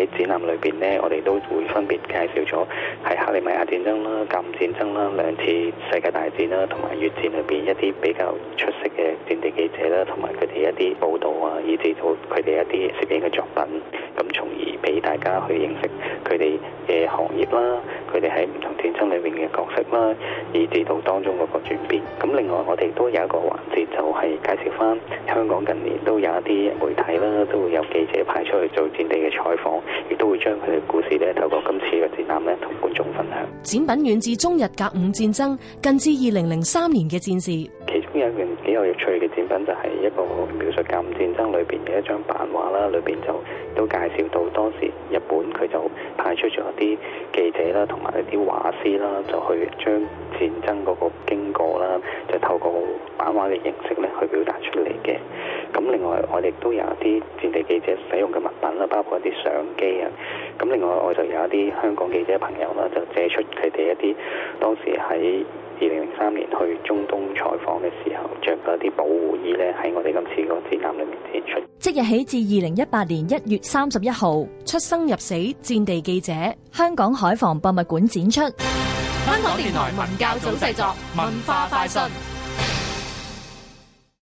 喺展覽裏邊呢，我哋都會分別介紹咗喺克里米亞戰爭啦、甲午戰爭啦、兩次世界大戰啦，同埋越戰裏邊一啲比較出色嘅戰地記者啦，同埋佢哋一啲報道啊，以至到佢哋一啲攝影嘅作品，咁從而俾大家去認識佢哋嘅行業啦，佢哋喺唔同戰爭裏面嘅角色啦，以至到當中嗰個轉變。咁另外，我哋都有一個環節，就係介紹翻香港近年都有一啲媒體啦，都會有記者派出去做戰地嘅採訪，亦都會將佢哋故事咧透過今次嘅展覽咧，同觀眾分享。展品遠至中日甲午戰爭，近至二零零三年嘅戰事。其中有一件幾有趣嘅展品，就係一個描述甲午戰爭裏邊嘅一張版畫啦，裏邊就都介紹到當時，就去將戰爭嗰個經過啦，就透過版畫嘅形式咧去表達出嚟嘅。咁另外我哋都有一啲戰地記者使用嘅物品啦，包括一啲相機啊。咁另外我就有一啲香港記者朋友啦，就借出佢哋一啲當時喺二零零三年去中東採訪嘅時候著嗰啲保護衣咧，喺我哋今次個展覽裏面展出。即日起至二零一八年一月三十一號，《出生入死：戰地記者》香港海防博物館展出。香港電台文教組製作，文化快訊。